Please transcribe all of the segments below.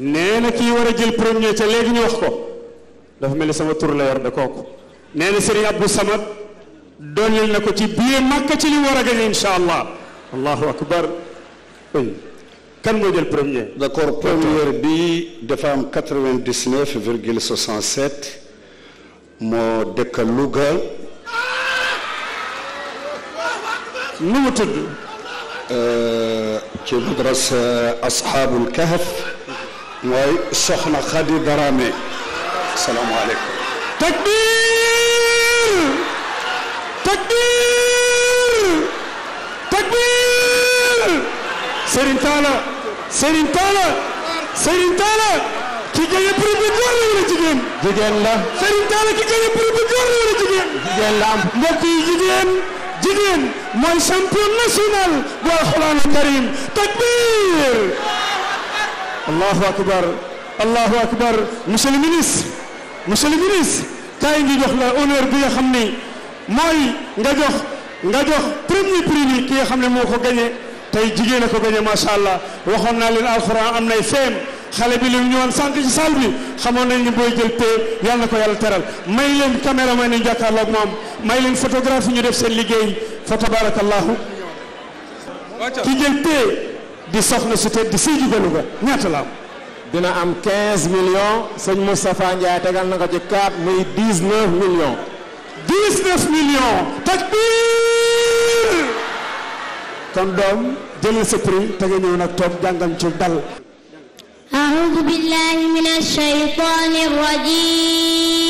nee na kii war a jël premier ca léegi ñu wax ko dafa mel ni sama tur la yor de kooku nee na Serigne Abdou Samad dollil na ko ci biir màkk ci li war a gañe incha allah allahu akbar kan moo jël premier d'accord première bi dafa am 99 virgule 67 moo dëkk Louga nu mu tudd ci madrasa ashabul kahf موي سخنا خدي درامي السلام عليكم تكبير تكبير تكبير سيرين تالا سيرين تالا سيرين تالا كي جاي بري بجور ولا جيجين جيجين لا سيرين تالا كي جاي بري بجور ولا جيجين جيجين لا نتي جيجين جيجين موي شامبيون ناسيونال بوال خلان الكريم تكبير الله أكبر الله أكبر مسلمينيس مسلمينيس تاين دي جوخ لا اونور بي خامني موي غا جوخ غا جوخ بريمي بريمي كي خامني موكو غاني تاي جيجينا كو غاني ما شاء الله واخونا لي القران امنا فيم خالي بي لي نيوان سانك سي سال بي خامون ناي ني بوي جيل تي يالا نكو يالا تيرال ماي لين كاميرا ماي ني جاكار لوك موم ماي لين فوتوغرافي ني ديف سين ليغي فتبارك الله كي جيل تي di soxna su tedd di Sédhiou ba Louga ñaata am. dina am 15 millions sëñ Moustapha Ndiaye na ko ci 4 muy 19 millions. 19 millions. takbir. kon doom jëlal sa prix te nga nag toog jàngam ci dal. أعوذ بالله من الشيطان الرجيم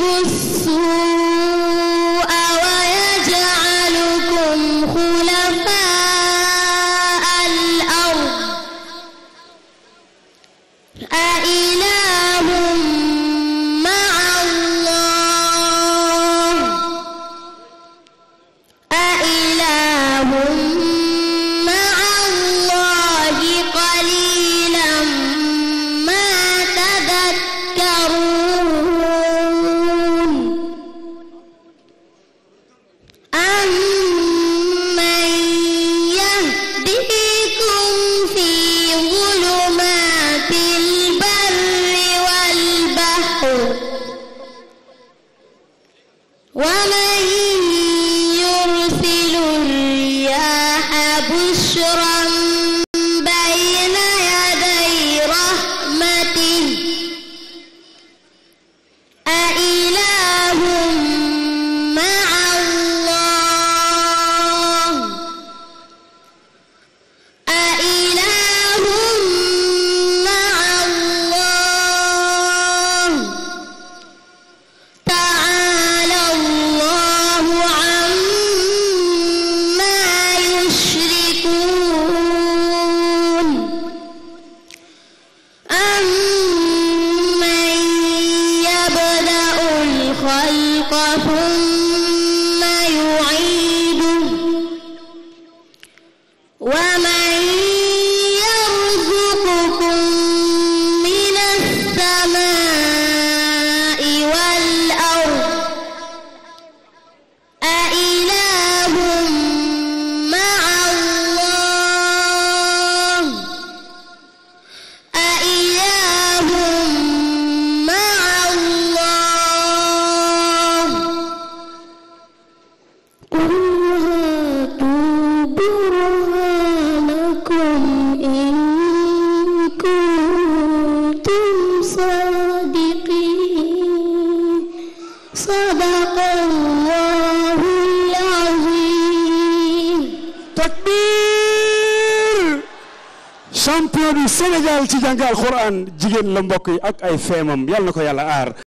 السوء ويجعلكم خلفاء الأرض بشرا صدق الله العظيم تكبير champion du Sénégal ci jàngal Alxuraan jigéen la mbokk ak ay